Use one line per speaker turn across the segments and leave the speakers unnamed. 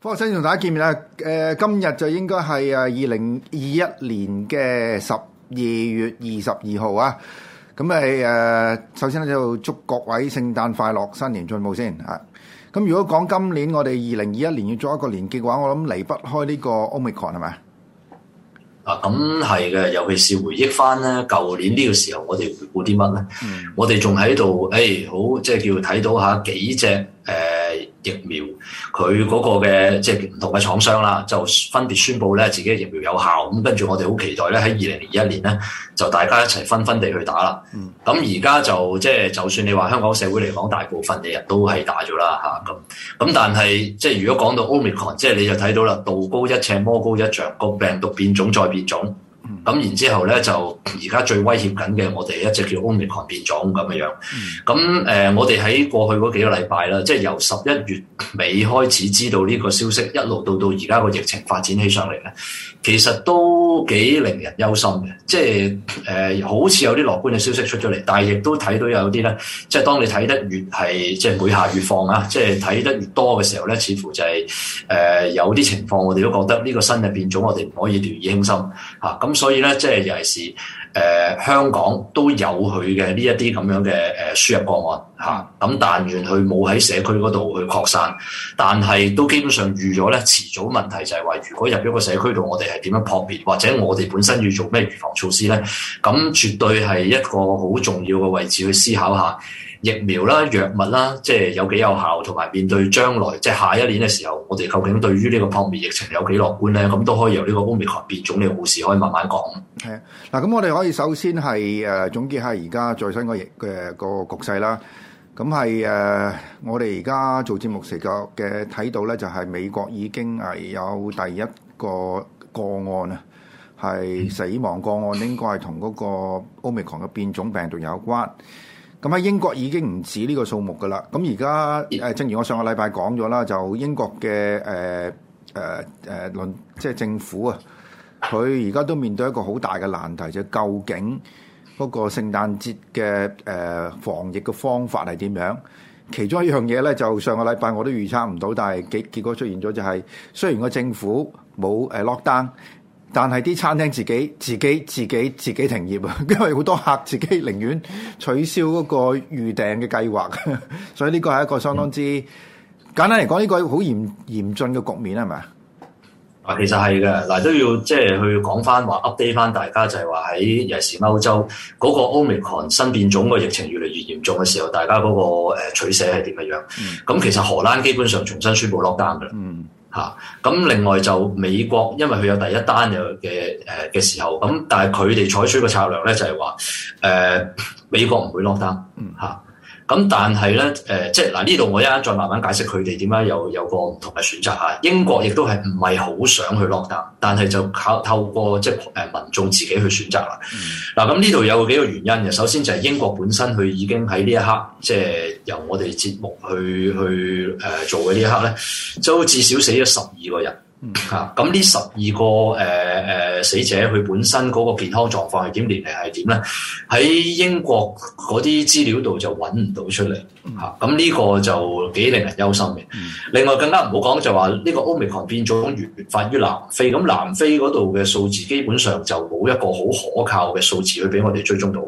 方生同大家見面啦，誒、呃，今日就應該係誒二零二一年嘅十二月二十二號啊，咁誒，誒，首先咧就祝各位聖誕快樂，新年進步先吓。咁、啊、如果講今年我哋二零二一年要做一個年結嘅話，我諗離不開呢個 Omicron 係咪
啊？咁係嘅，尤其是回憶翻咧，舊年呢個時候我哋回顧啲乜咧？嗯、我哋仲喺度，誒、哎，好，即係叫睇到下幾隻。疫苗佢嗰個嘅即係唔同嘅廠商啦，就分別宣布咧自己嘅疫苗有效。咁跟住我哋好期待咧，喺二零二一年咧就大家一齊紛紛地去打啦。咁而家就即係就算你話香港社會嚟講，大部分嘅人都係打咗啦嚇。咁、啊、咁但係即係如果講到 Omicron，即係你就睇到啦，道高一尺魔高一丈，個病毒變種再變種。咁、嗯、然之後咧，就而家最威脅緊嘅，我哋一直叫 Omicron 變種咁嘅樣。咁誒、嗯嗯嗯，我哋喺過去嗰幾個禮拜啦，即係由十一月尾開始知道呢個消息，一路到到而家個疫情發展起上嚟咧，其實都幾令人憂心嘅。即係誒、呃，好似有啲樂觀嘅消息出咗嚟，但係亦都睇到有啲咧，即係當你睇得越係即係每下越放啊，即係睇得越多嘅時候咧，似乎就係、是、誒、呃、有啲情況，我哋都覺得呢個新嘅變種，我哋唔可以掉以輕心嚇咁。啊嗯嗯嗯嗯嗯所以呢，即係是。誒、呃、香港都有佢嘅呢一啲咁樣嘅誒輸入個案嚇，咁、啊、但願佢冇喺社區嗰度去擴散，但係都基本上預咗咧，遲早問題就係話，如果入咗個社區度，我哋係點樣撲滅，或者我哋本身要做咩預防措施咧？咁絕對係一個好重要嘅位置去思考下疫苗啦、藥物啦，即係有幾有效，同埋面對將來即係下一年嘅時候，我哋究竟對於呢個撲滅疫情有幾樂觀咧？咁都可以由呢個奧密克變種嘅故事可以慢慢講。
係嗱咁我哋。可以首先係誒總結下而家最新個疫嘅個局勢啦。咁係誒我哋而家做節目時，嘅嘅睇到咧，就係美國已經係有第一個個案啊，係死亡個案應該係同嗰個 Omicron 嘅變種病毒有關。咁喺英國已經唔止呢個數目㗎喇。咁而家誒，正如我上個禮拜講咗啦，就英國嘅誒誒誒論，即係政府啊。佢而家都面對一個好大嘅難題，就係，究竟嗰個聖誕節嘅誒防疫嘅方法係點樣？其中一樣嘢咧，就上個禮拜我都預測唔到，但係結結果出現咗，就係，就係雖然個政府冇誒 lock down，但係啲餐廳自己自己自己自己，自己停業啊，因為好多客自己寧願取消嗰個預訂嘅計劃，所以呢個係一個相當之、嗯、簡單嚟講，呢、這個好嚴嚴峻嘅局面係咪啊？
啊，其實係嘅，嗱都要即係去講翻話 update 翻大家就，就係話喺日時歐洲嗰、嗰個 Omicron 新變種嘅疫情越嚟越嚴重嘅時候，大家嗰個取捨係點樣樣？咁、嗯、其實荷蘭基本上重新宣布 lock down 噶啦，嚇、嗯。咁、啊、另外就美國，因為佢有第一單嘅誒嘅時候，咁但係佢哋採取嘅策略咧就係話誒美國唔會 lock down 嚇、嗯。啊。咁、嗯、但係咧，誒、呃，即係嗱，呢度我一陣再慢慢解釋佢哋點解有有個唔同嘅選擇嚇。英國亦都係唔係好想去 lock down 但係就靠透過即係誒民眾自己去選擇啦。嗱、嗯，咁呢度有幾個原因嘅。首先就係英國本身佢已經喺呢一刻，即、就、係、是、由我哋節目去去誒、呃、做嘅呢一刻咧，就至少死咗十二個人。吓咁呢十二個誒誒、呃呃、死者，佢本身嗰個健康狀況係點，年齡係點咧？喺英國嗰啲資料度就揾唔到出嚟吓，咁呢、嗯嗯、個就幾令人憂心嘅。嗯、另外更加唔好講，就話呢個 omicron 變種源發於南非，咁南非嗰度嘅數字基本上就冇一個好可靠嘅數字去俾我哋追蹤到。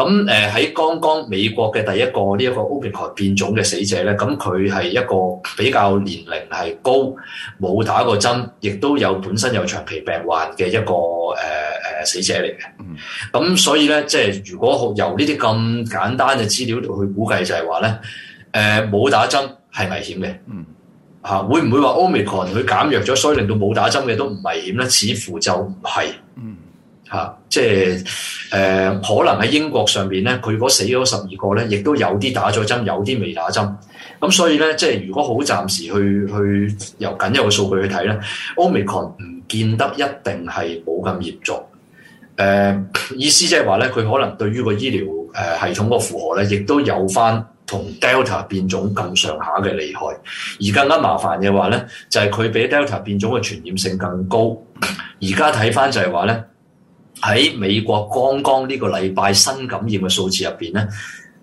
咁誒喺剛剛美國嘅第一個呢一個 Omicron 變種嘅死者咧，咁佢係一個比較年齡係高、冇打過針、亦都有本身有長期病患嘅一個誒誒、呃、死者嚟嘅。咁所以咧，即係如果由呢啲咁簡單嘅資料去估計就，就係話咧，誒冇打針係危險嘅。嚇、嗯，會唔會話 Omicron 佢減弱咗，所以令到冇打針嘅都唔危險咧？似乎就唔係。嚇、啊，即係誒、呃，可能喺英國上邊咧，佢嗰死咗十二個咧，亦都有啲打咗針，有啲未打針。咁所以咧，即係如果好暫時去去，去由僅有嘅數據去睇咧，Omicron 唔見得一定係冇咁嚴重。誒、呃，意思即係話咧，佢可能對於個醫療誒系統個負荷咧，亦都有翻同 Delta 變種咁上下嘅厲害。而更加麻煩嘅話咧，就係、是、佢比 Delta 變種嘅傳染性更高。而家睇翻就係話咧。喺美國剛剛呢個禮拜新感染嘅數字入邊咧，誒、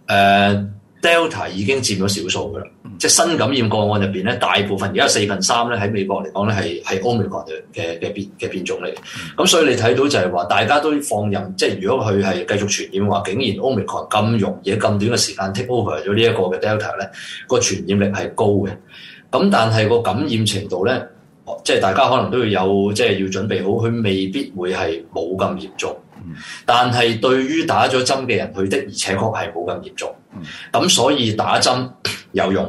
呃、Delta 已經佔咗少數㗎喇，即係新感染個案入邊咧，大部分而家四分三咧喺美國嚟講咧係係 Omicron 嘅嘅變嘅變種嚟，咁、嗯、所以你睇到就係話大家都放任，即係如果佢係繼續傳染話，竟然 Omicron 咁容易咁短嘅時間 take over 咗呢一個嘅 Delta 咧，個傳染力係高嘅，咁但係個感染程度咧。即係大家可能都要有，即係要準備好，佢未必會係冇咁嚴重。Mm. 但係對於打咗針嘅人，佢的而且確係冇咁嚴重。嗯。咁所以打針有用，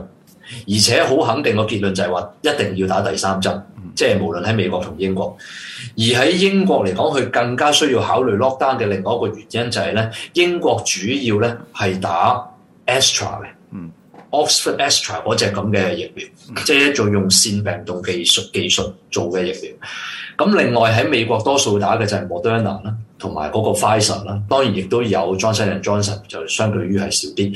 而且好肯定個結論就係話一定要打第三針。Mm. 即係無論喺美國同英國，而喺英國嚟講，佢更加需要考慮 lockdown 嘅另外一個原因就係咧，英國主要咧係打 Astra。Oxford Astra 嗰隻咁嘅疫苗，即係一種用腺病毒技術技術做嘅疫苗。咁另外喺美國多數打嘅就係 Moderna 啦，同埋嗰個 Pfizer 啦。當然亦都有 Johnson & Johnson 就相對於係少啲。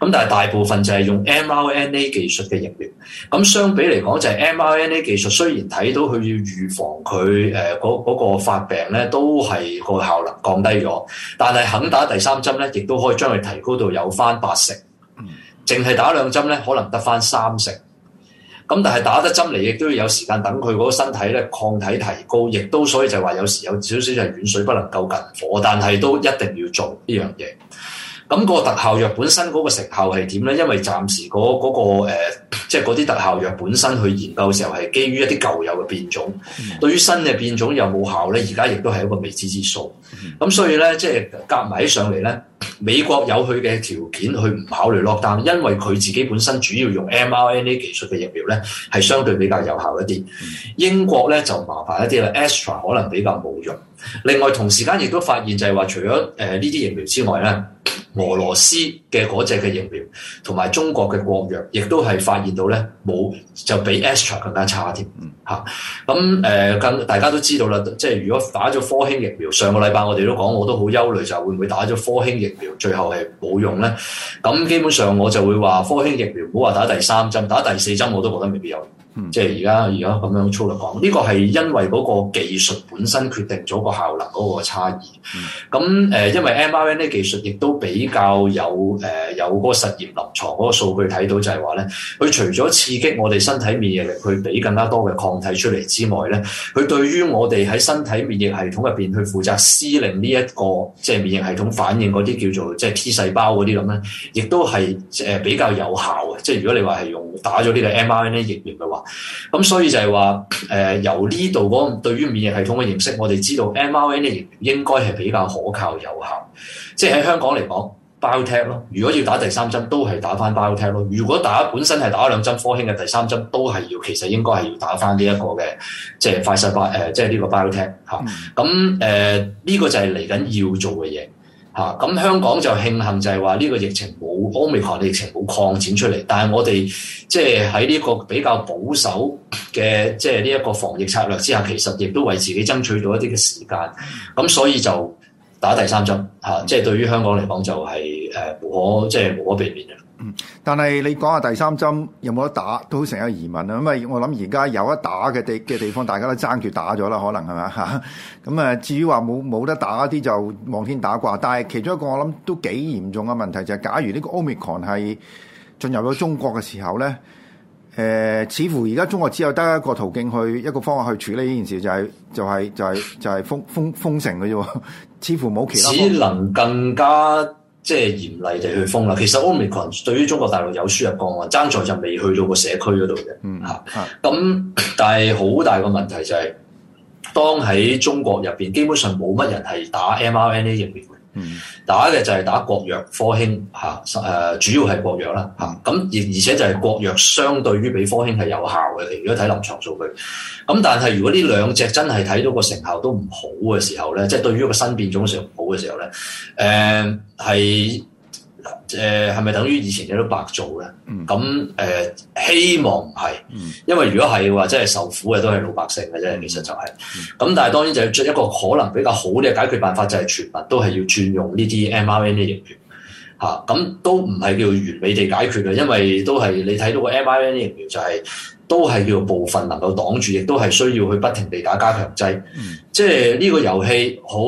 咁但係大部分就係用 mRNA 技術嘅疫苗。咁相比嚟講就係 mRNA 技術雖然睇到佢要預防佢誒嗰嗰個發病咧都係個效能降低咗，但係肯打第三針咧，亦都可以將佢提高到有返八成。淨係打兩針咧，可能得返三成。咁但係打得針嚟，亦都要有時間等佢嗰個身體咧抗體提高，亦都所以就話有時有少少就係遠水不能夠近火，但係都一定要做呢樣嘢。咁個特效藥本身嗰個成效係點呢？因為暫時嗰、嗰、嗰個、嗰個呃、即係嗰啲特效藥本身去研究嘅時候係基於一啲舊有嘅變種，嗯、對於新嘅變種有冇效呢，而家亦都係一個未知之數。咁、嗯、所以呢，即係夾埋上嚟呢，美國有佢嘅條件去唔考慮落單，但因為佢自己本身主要用 mRNA 技術嘅疫苗呢係相對比較有效一啲。嗯、英國呢就麻煩一啲啦，Astra 可能比較冇用。另外同時間亦都發現就係話，除咗誒呢啲疫苗之外呢。俄羅斯嘅嗰隻嘅疫苗，同埋中國嘅國藥，亦都係發現到呢冇就比 Astra 更加差添。嚇咁誒，跟、啊、大家都知道啦，即係如果打咗科興疫苗，上個禮拜我哋都講，我都好憂慮就係會唔會打咗科興疫苗最後係冇用呢？咁基本上我就會話科興疫苗唔好話打第三針，打第四針我都覺得未必有用。即係而家而家咁樣粗略講，呢個係因為嗰個技術本身決定咗個效能嗰個差異。咁誒、嗯呃，因為 mRNA 呢技術亦都比較有誒、呃、有嗰個實驗臨牀嗰個數據睇到就，就係話咧，佢除咗刺激我哋身體免疫力去俾更加多嘅抗體出嚟之外咧，佢對於我哋喺身體免疫系統入邊去負責司令呢一個即係、就是、免疫系統反應嗰啲叫做即係 T 細胞嗰啲咁咧，亦都係誒比較有效嘅。即係如果你話係用打咗呢個 mRNA 疫苗嘅話，咁、嗯、所以就係話，誒、呃，由呢度嗰個對於免疫系統嘅認識，我哋知道 mRNA 咧，應應該係比較可靠有效。即係喺香港嚟講 BioNTech 咯。如果要打第三針，都係打翻 BioNTech 咯。如果打本身係打兩針科興嘅第三針，都係要其實應該係要打翻呢一個嘅，即係快殺巴誒，即係呢個 BioNTech 吓。咁誒，呢個就係嚟緊要做嘅嘢。吓，咁、嗯、香港就慶幸就係話呢個疫情冇，Omicron 嘅疫情冇擴展出嚟。但係我哋即係喺呢個比較保守嘅即係呢一個防疫策略之下，其實亦都為自己爭取到一啲嘅時間。咁、嗯嗯、所以就打第三針嚇，即、嗯、係、就是、對於香港嚟講就係誒無可即係、就是、無可避免嘅。
嗯，但係你講下第三針有冇得打都好成有疑問啦。因為，我諗而家有得打嘅地嘅地方，大家都爭住打咗啦，可能係咪？吓？咁 啊，至於話冇冇得打啲就望天打卦。但係其中一個我諗都幾嚴重嘅問題就係、是，假如呢個 Omicron 係進入咗中國嘅時候咧，誒、呃，似乎而家中國只有得一個途徑去一個方法去處理呢件事，就係、是、就係、是、就係、是、就係、是、封封封城嘅啫，似乎冇其他。只能更加。
即係嚴厲地去封啦。其實 Omicron 對於中國大陸有輸入個案，爭在就未去到個社區嗰度嘅。嚇、嗯，咁、嗯、但係好大個問題就係、是，當喺中國入邊，基本上冇乜人係打 mRNA 疫苗。嗯、打嘅就係打國藥科興嚇，誒、啊啊、主要係國藥啦嚇，咁、啊、而而且就係國藥相對於比科興係有效嘅，如果睇臨床數據。咁、啊、但係如果呢兩隻真係睇到個成效都唔好嘅時候咧，即、就、係、是、對於個新變種成唔好嘅時候咧，誒、啊、係。誒，係咪、呃、等於以前嘅都白做咧？咁誒、呃，希望唔係，因為如果係嘅話，真係受苦嘅都係老百姓嘅啫。其實就係、是，咁但係當然就要一個可能比較好嘅解決辦法，就係全民都係要轉用呢啲 mRNA 嘅疫苗。吓、啊，咁都唔係叫完美地解決嘅，因為都係你睇到個 mRNA 疫苗就係、是、都係叫部分能夠擋住，亦都係需要去不停地打加強劑。即係呢個遊戲好，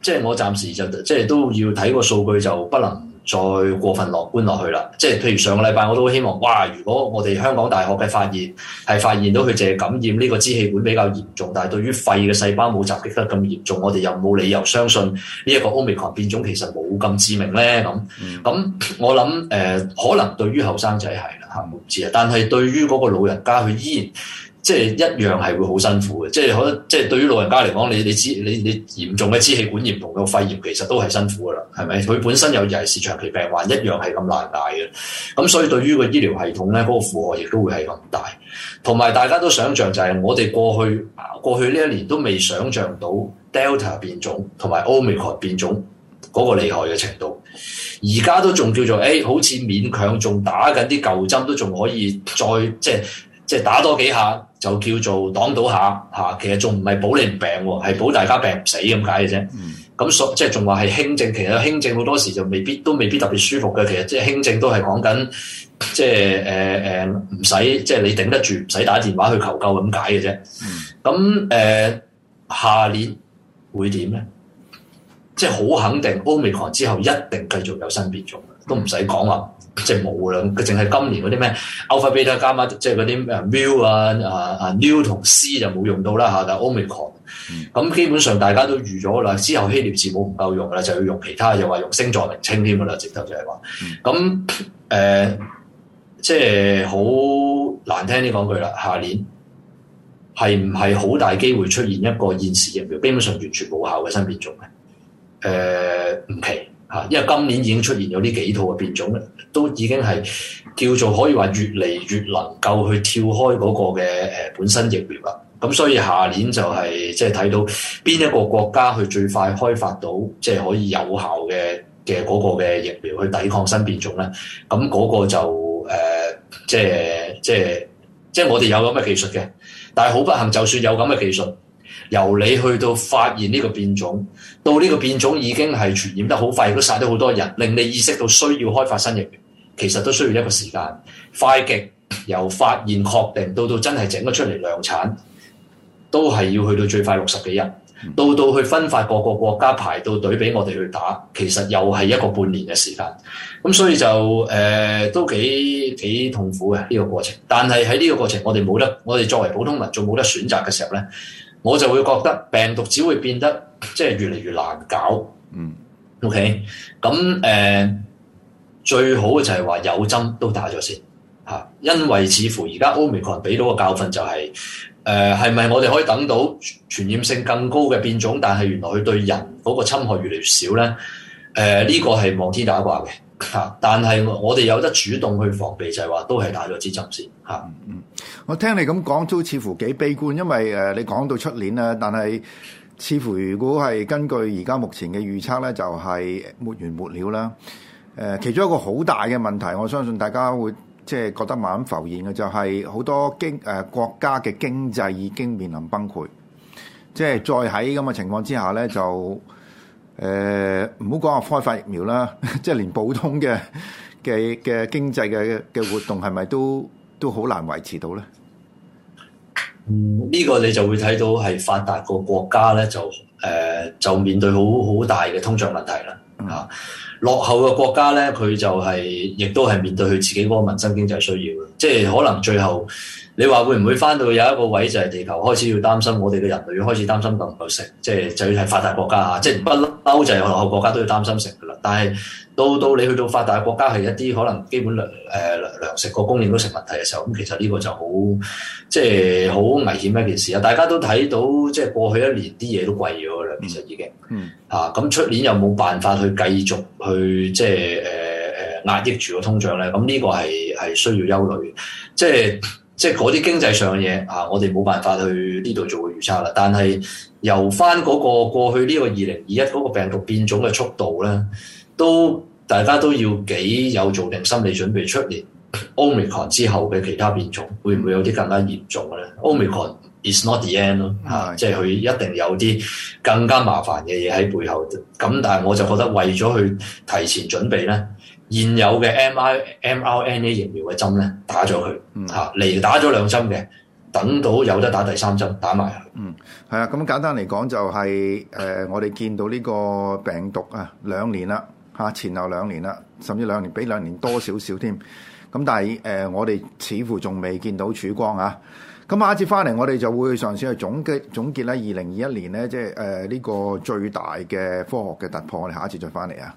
即係我暫時就即係都要睇個數據，就不能。再過分樂觀落去啦，即係譬如上個禮拜我都希望，哇！如果我哋香港大學嘅發現係發現到佢淨係感染呢個支氣管比較嚴重，但係對於肺嘅細胞冇襲擊得咁嚴重，我哋又冇理由相信呢一個 Omicron 變種其實冇咁致命呢。」咁咁、嗯、我諗誒、呃，可能對於後生仔係啦嚇，我唔、嗯、知啊。但係對於嗰個老人家，佢依然。即係一樣係會好辛苦嘅，即係可即係對於老人家嚟講，你你支你你嚴重嘅支氣管炎同個肺炎其實都係辛苦噶啦，係咪？佢本身有又係是長期病患，一樣係咁難捱嘅。咁所以對於個醫療系統咧，嗰個負荷亦都會係咁大。同埋大家都想象，就係我哋過去過去呢一年都未想象到 Delta 變種同埋 Omicron 變種嗰個厲害嘅程度，而家都仲叫做誒，好似勉強仲打緊啲舊針都仲可以再即係即係打多幾下。就叫做擋到下嚇，其實仲唔係保你唔病喎，係保大家病唔死咁解嘅啫。咁所即係仲話係輕症，其實輕症好多時就未必都未必特別舒服嘅。其實即係輕症都係講緊即係誒誒唔使即係你頂得住，唔使打電話去求救咁解嘅啫。咁誒、嗯呃、下年會點咧？即係好肯定，Omicron 之後一定繼續有新變種。都唔使講啦，即係無論，淨係今年嗰啲咩 alpha, beta, gamma, 即係嗰啲誒 mu 啊啊啊 new 同 c 就冇用到啦嚇，但係 omicron 咁、嗯、基本上大家都預咗啦，之後希臘字母唔夠用啦，就要用其他，又話用星座名稱添啦，直頭就係話咁誒，即係好、嗯呃、難聽啲講句啦，下年係唔係好大機會出現一個現時疫苗基本上完全冇效嘅新變種咧？誒、呃、唔奇。因為今年已經出現咗呢幾套嘅變種咧，都已經係叫做可以話越嚟越能夠去跳開嗰個嘅誒本身疫苗啦。咁所以下年就係即係睇到邊一個國家去最快開發到即係可以有效嘅嘅嗰個嘅疫苗去抵抗新變種咧。咁嗰個就誒、呃、即係即係即係我哋有咁嘅技術嘅，但係好不幸，就算有咁嘅技術。由你去到發現呢個變種，到呢個變種已經係傳染得好快，都殺咗好多人，令你意識到需要開發新疫苗，其實都需要一個時間。快極，由發現確定到到真係整咗出嚟量產，都係要去到最快六十幾日。到到去分發各個國家排到隊俾我哋去打，其實又係一個半年嘅時間。咁所以就誒、呃、都幾幾痛苦嘅呢、呢個過程。但係喺呢個過程，我哋冇得，我哋作為普通民眾冇得選擇嘅時候呢。我就會覺得病毒只會變得即係越嚟越難搞，嗯，OK，咁誒、呃、最好嘅就係話有針都打咗先嚇、啊，因為似乎而家奧密克戎俾到個教訓就係誒係咪我哋可以等到傳染性更高嘅變種，但係原來佢對人嗰個侵害越嚟越少咧？誒、呃、呢、這個係望天打卦嘅。但係我哋有得主動去防備就，就係話都係打咗支針先嚇。
嗯，我聽你咁講都似乎幾悲觀，因為誒、呃、你講到出年啦，但係似乎如果係根據而家目前嘅預測咧，就係、是、沒完沒了啦。誒、呃，其中一個好大嘅問題，我相信大家會即係覺得慢慢浮現嘅、就是，就係好多經誒、呃、國家嘅經濟已經面臨崩潰，即係再喺咁嘅情況之下咧就。誒唔好講話開發疫苗啦， 即係連普通嘅嘅嘅經濟嘅嘅活動係咪都都好難維持到咧？
嗯，呢個你就會睇到係發達個國家咧就誒、呃、就面對好好大嘅通脹問題啦。嗯、啊，落後嘅國家咧佢就係、是、亦都係面對佢自己嗰個民生經濟需要，即係可能最後。你話會唔會翻到有一個位就係地球開始要擔心，我哋嘅人類要開始擔心夠唔夠食？即係就要係發達國家吓，即係不嬲就係落後國家都要擔心食噶啦。但係到到你去到發達國家係一啲可能基本糧誒糧食個供應都成問題嘅時候，咁、嗯、其實呢個就好即係好危險一件事啊！大家都睇到即係過去一年啲嘢都貴咗啦，其實已經吓咁出年又冇辦法去繼續去即係誒誒壓抑住個通脹咧。咁呢個係係需要憂慮，即係。即係嗰啲經濟上嘅嘢，啊，我哋冇辦法去呢度做個預測啦。但係由翻嗰、那個過去呢個二零二一嗰個病毒變種嘅速度咧，都大家都要幾有做定心理準備出年。Omicron 之後嘅其他變種會唔會有啲更加嚴重嘅咧？Omicron is not the end 咯，啊，的即係佢一定有啲更加麻煩嘅嘢喺背後。咁但係我就覺得為咗去提前準備咧。現有嘅 mI mRNA 疫苗嘅針咧，打咗佢嚇嚟打咗兩針嘅，等到有得打第三針，打埋。嗯，
係啊，咁簡單嚟講就係、是、誒、呃，我哋見到呢個病毒啊，兩年啦嚇、啊，前後兩年啦，甚至兩年比兩年多少少添。咁、啊、但係誒、呃，我哋似乎仲未見到曙光啊。咁、啊、下一節翻嚟，我哋就會嘗試去總結總結咧，二零二一年咧，即係誒呢個最大嘅科學嘅突破。我哋下一節再翻嚟啊。